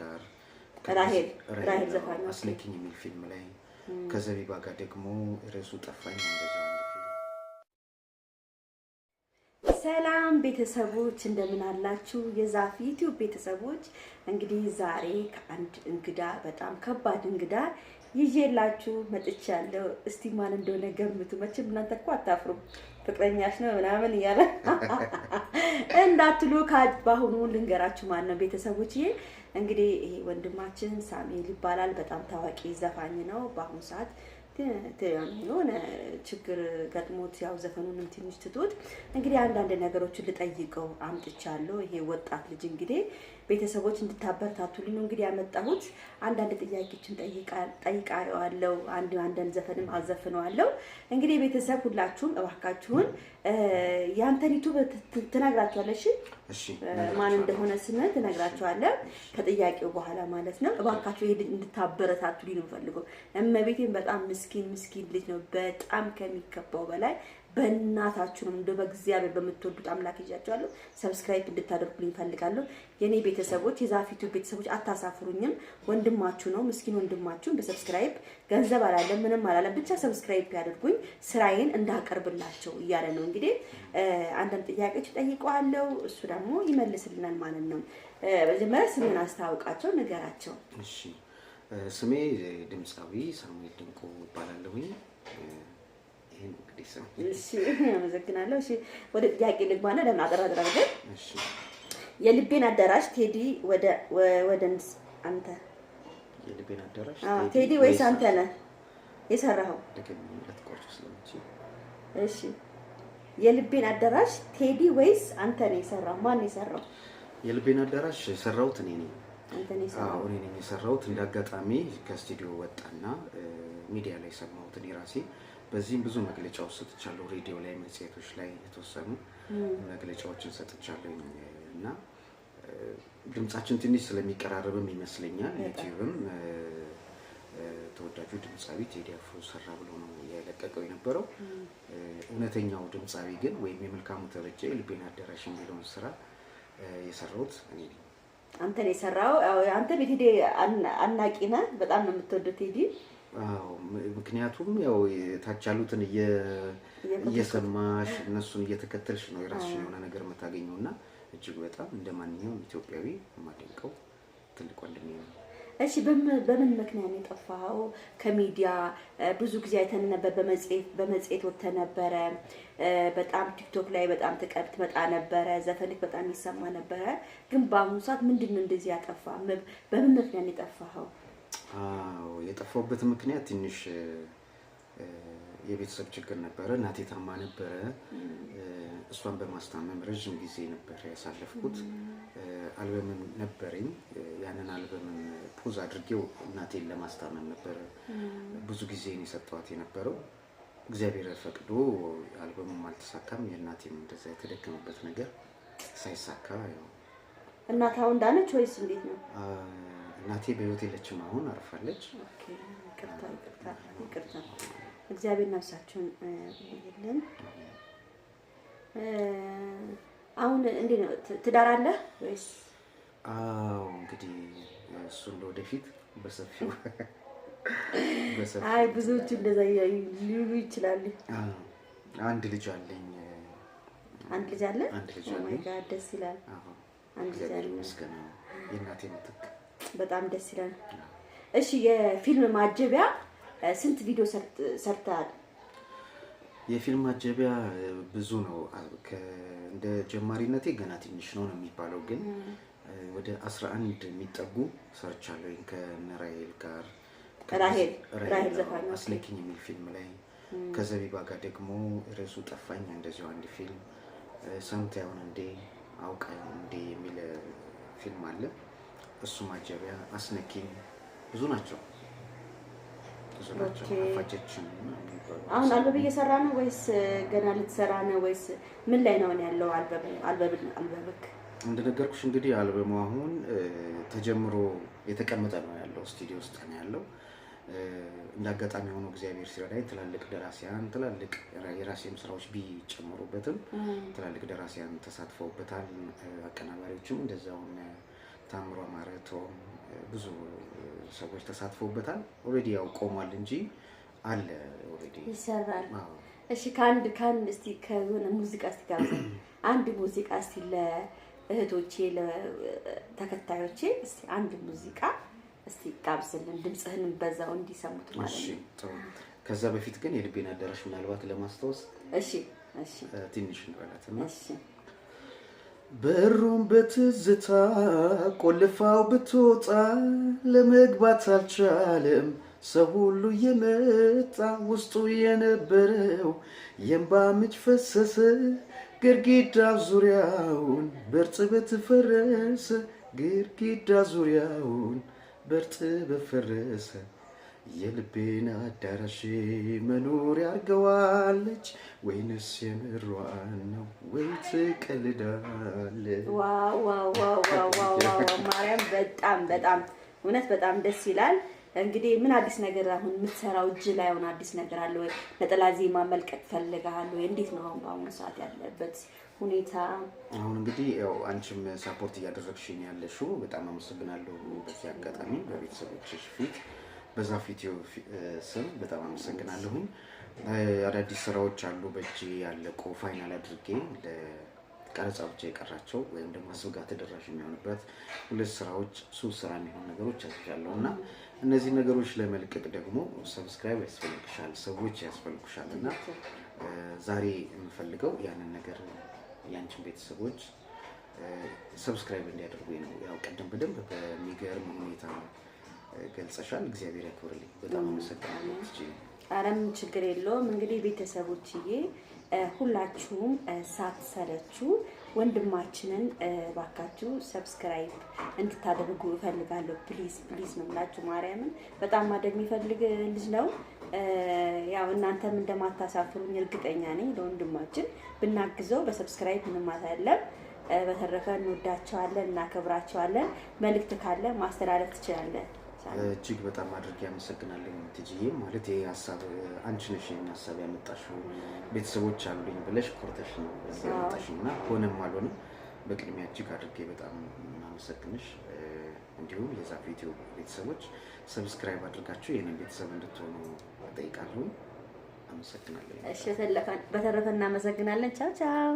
ጋር ራሄል ራሄል ዘፋኝ አስለኪኝ የሚል ፊልም ላይ ከዘቢባ ጋር ደግሞ ርዕሱ ጠፋኝ። ሰላም ቤተሰቦች እንደምን አላችሁ? የዛፍ ዩቲዩብ ቤተሰቦች እንግዲህ ዛሬ ከአንድ እንግዳ በጣም ከባድ እንግዳ ይዤላችሁ መጥቻለሁ። እስቲ ማን እንደሆነ ገምቱ። መቼም እናንተ እኮ አታፍሩም። ፍቅረኛሽ ነው ምናምን እያለ እንዳትሉ በአሁኑ ልንገራችሁ ማን ነው ቤተሰቦችዬ። እንግዲህ ይሄ ወንድማችን ሳሙኤል ይባላል። በጣም ታዋቂ ዘፋኝ ነው በአሁኑ ሰዓት የሆነ ችግር ገጥሞት ያው ዘፈኑንም ትንሽ ትቶት እንግዲህ አንዳንድ ነገሮችን ልጠይቀው አምጥቻለሁ። ይሄ ወጣት ልጅ እንግዲህ ቤተሰቦች እንድታበረታቱልኝ ነው እንግዲህ ያመጣሁት። አንዳንድ ጥያቄዎችን ጠይቃለሁ፣ አንድ አንዳንድ ዘፈንም አዘፍነዋለሁ። እንግዲህ ቤተሰብ ሁላችሁም እባካችሁን ያንተን ዩቱብ ትነግራችኋለሽ፣ ማን እንደሆነ ስምህ ትነግራችኋለህ፣ ከጥያቄው በኋላ ማለት ነው። እባካችሁ እንድታበረታቱልኝ ነው የምፈልገው። እመቤቴን በጣም ምስ ምስኪን ምስኪን ልጅ ነው። በጣም ከሚገባው በላይ በእናታችሁም እንደ በእግዚአብሔር በምትወዱት አምላክ ይዣችኋለሁ። ሰብስክራይብ እንድታደርጉልኝ እፈልጋለሁ። የኔ ቤተሰቦች፣ የዛፊቱ ቤተሰቦች አታሳፍሩኝም። ወንድማችሁ ነው፣ ምስኪን ወንድማችሁን በሰብስክራይብ ገንዘብ አላለም ምንም አላለም፣ ብቻ ሰብስክራይብ ያደርጉኝ ስራዬን እንዳቀርብላቸው እያለ ነው። እንግዲህ አንዳንድ ጥያቄዎች ጠይቀዋለሁ፣ እሱ ደግሞ ይመልስልናል ማለት ነው። መጀመሪያ ስምን አስታውቃቸው ነገራቸው። እሺ ስሜ ድምፃዊ ሳሙኤል ድንቁ እባላለሁኝ። ይህን እንግዲህ ስም አመሰግናለሁ። ወደ ጥያቄ ልግባና ለምን አጠራጥራ የልቤን አዳራሽ ቴዲ ወደ አንተ የልቤን አዳራሽ ቴዲ ወይስ አንተ ነህ የሰራኸው? እሺ የልቤን አዳራሽ ቴዲ ወይስ አንተ ነህ የሰራው? ማን የሰራው የልቤን አዳራሽ? የሰራሁት እኔ ነኝ። እኔ ነኝ የሰራሁት። እንደ አጋጣሚ ከስቱዲዮ ወጣና ሚዲያ ላይ ሰማሁት እኔ ራሴ። በዚህም ብዙ መግለጫዎች ሰጥቻለሁ። ሬዲዮ ላይ፣ መጽሔቶች ላይ የተወሰኑ መግለጫዎችን ሰጥቻለሁ እና ድምጻችን ትንሽ ስለሚቀራረብም ይመስለኛል ዩቲዩብም ተወዳጁ ድምፃዊ ቴዲ አፍሮ ሰራ ብሎ ነው የለቀቀው የነበረው። እውነተኛው ድምፃዊ ግን ወይም የመልካሙ ተበጀ ልቤን አዳራሽ የሚለውን ስራ የሰራሁት እኔ ነኝ። ነው የሰራው አንተ ቤቴ አናቂ ነህ። በጣም ነው የምትወደው ቴዲ። ምክንያቱም ያው የታች ያሉትን እየሰማሽ እነሱን እየተከተልሽ ነው የራስሽን የሆነ ነገር የምታገኘው እና እጅግ በጣም እንደ ማንኛውም ኢትዮጵያዊ የማደንቀው ትልቅ ወንድሜ ነው። እሺ በምን ምክንያት ነው የጠፋኸው? ከሚዲያ ብዙ ጊዜ አይተን ነበር። በመጽሔት በመጽሔት ወጥተህ ነበረ። በጣም ቲክቶክ ላይ በጣም ትቀር ትመጣ ነበረ። ዘፈንክ በጣም ይሰማ ነበረ። ግን በአሁኑ ሰዓት ምንድን ነው እንደዚህ ያጠፋ? በምን ምክንያት ነው የጠፋኸው? አዎ የጠፋሁበት ምክንያት ትንሽ የቤተሰብ ችግር ነበረ። እናቴ ታማ ነበረ። እሷን በማስታመም ረዥም ጊዜ ነበረ ያሳለፍኩት። አልበምም ነበረኝ። ያንን አልበምም ፖዝ አድርጌው እናቴን ለማስታመም ነበረ ብዙ ጊዜን የሰጠዋት የነበረው። እግዚአብሔር ፈቅዶ አልበምም አልተሳካም። የእናቴም እንደዛ የተደከመበት ነገር ሳይሳካ ያው እናት አሁን ዳነች ወይስ እንዴት ነው? እናቴ በህይወት የለችም። አሁን አርፋለች። ይቅርታ ይቅርታ ይቅርታ እግዚአብሔር ነፍሳችሁን ይልን። አሁን እንዴት ነው ትዳር አለ ወይስ? አዎ እንግዲህ እሱ ለወደፊት በሰፊው አይ ብዙዎቹ እንደዛ ሊሉ ይችላሉ። አንድ ልጅ አለኝ። አንድ ልጅ አለ። አንድ ልጅ አለኝ። ደስ ይላል። አንድ ልጅ አለኝ። የእናቴ ምትክ በጣም ደስ ይላል። እሺ የፊልም ማጀቢያ ስንት ቪዲዮ ሰርተሃል? የፊልም ማጀቢያ ብዙ ነው። እንደ ጀማሪነቴ ገና ትንሽ ነው ነው የሚባለው ግን ወደ 11 የሚጠጉ ሰርቻለሁ። ከእነ ራሄል ጋር አስለኪኝ የሚል ፊልም ላይ ከዘቢባ ጋር ደግሞ ርዕሱ ጠፋኝ እንደዚሁ አንድ ፊልም ያሁን እንዴ አውቀ እንዴ የሚል ፊልም አለ። እሱ ማጀቢያ አስነኪኝ ብዙ ናቸው። አሁን አልበብ እየሰራ ነው ወይስ ገና ልትሰራ ነው ወይስ ምን ላይ ነው ያለው? አልበብክ እንደነገርኩሽ እንግዲህ አልበሙ አሁን ተጀምሮ የተቀመጠ ነው ያለው፣ ስቱዲዮ ውስጥ ነው ያለው። እንደ አጋጣሚ ሆኖ እግዚአብሔር ሲረዳኝ ትላልቅ ደራሲያን ትላልቅ የራሴም ስራዎች ቢጨምሩበትም ትላልቅ ደራሲያን ተሳትፈውበታል። አቀናባሪዎችም እንደዚያው ታምሮ አማረ፣ ቶም ብዙ ሰዎች ተሳትፎበታል። ኦልሬዲ ያው ቆሟል እንጂ አለ ኦልሬዲ ይሰራል። እሺ ከአንድ ከአንድ እስቲ ከሆነ ሙዚቃ እስቲ ጋብዘን አንድ ሙዚቃ እስቲ ለእህቶቼ ለተከታዮቼ እስቲ አንድ ሙዚቃ እስቲ ጋብዝልን፣ ድምፅህንም በዛው እንዲሰሙት ማለት ነው። ጥሩ። ከዛ በፊት ግን የልቤን አዳራሽ ምናልባት ለማስታወስ እሺ፣ እሺ፣ ትንሽ እንበላት። እሺ በሩን በትዝታ ቆልፋው ብትወጣ ለመግባት አልቻለም ሰው ሁሉ የመጣ ውስጡ የነበረው የእንባ ምንጭ ፈሰሰ ግድግዳው ዙሪያውን በእርጥበት ፈረሰ ግድግዳ ዙሪያውን በእርጥበት ፈረሰ። የልቤን አዳራሽ መኖር ያርገዋለች ወይንስ የምሯን ነው ወይ ትቀልዳለች? ማርያም በጣም በጣም እውነት በጣም ደስ ይላል። እንግዲህ ምን አዲስ ነገር አሁን የምትሰራው እጅ ላይ አሁን አዲስ ነገር አለ ወይ? ነጠላ ዜማ መልቀቅ ፈልጋል ወይ? እንዴት ነው አሁን በአሁኑ ሰዓት ያለበት ሁኔታ? አሁን እንግዲህ ያው አንቺም ሰፖርት እያደረግሽኝ ያለሽው በጣም አመሰግናለሁ። በዚህ አጋጣሚ በቤተሰቦችሽ ፊት በዛፍ ኢትዮ ስም በጣም አመሰግናለሁኝ። አዳዲስ ስራዎች አሉ በእጅ ያለቁ ፋይናል አድርጌ ቀረጻ ብቻ የቀራቸው ወይም ደግሞ ህዝብ ጋር ተደራሽ የሚሆንበት ሁለት ስራዎች ሱ ስራ የሚሆን ነገሮች ያስሻለሁ እና እነዚህ ነገሮች ለመልቀቅ ደግሞ ሰብስክራይብ ያስፈልግሻል፣ ሰዎች ያስፈልጉሻል። እና ዛሬ የምፈልገው ያንን ነገር ያንችን ቤተሰቦች ሰብስክራይብ እንዲያደርጉ ነው። ያው ቀደም በደንብ በሚገርም ሁኔታ ነው ገልጸሻል። እግዚአብሔር ያክብርልኝ። በጣም አመሰግናለሁ። አረም ችግር የለውም። እንግዲህ ቤተሰቦችዬ ሁላችሁም ሳትሰለችሁ ወንድማችንን ባካችሁ ሰብስክራይብ እንድታደርጉ እፈልጋለሁ። ፕሊዝ ፕሊዝ ነው የምላችሁ። ማርያምን በጣም ማደግ የሚፈልግ ልጅ ነው። ያው እናንተም እንደማታሳፍሩኝ እርግጠኛ ነኝ። ለወንድማችን ብናግዘው በሰብስክራይብ ምንም አታለም። በተረፈ እንወዳቸዋለን፣ እናከብራቸዋለን። መልእክት ካለ ማስተላለፍ ትችላለን። እጅግ በጣም አድርጌ አመሰግናለሁ ትጂዬ። ማለት ይሄ ሀሳብ አንቺ ነሽ ይህን ሀሳብ ያመጣሽው፣ ቤተሰቦች አሉኝ ብለሽ ኮርተሽ ነው ያመጣሽ እና ሆነም አልሆንም በቅድሚያ እጅግ አድርጌ በጣም አመሰግንሽ። እንዲሁም የዛ ኢትዮ ቤተሰቦች ሰብስክራይብ አድርጋችሁ ይህንን ቤተሰብ እንድትሆኑ ጠይቃለሁ። አመሰግናለሁ። በተረፈ እናመሰግናለን። ቻው ቻው።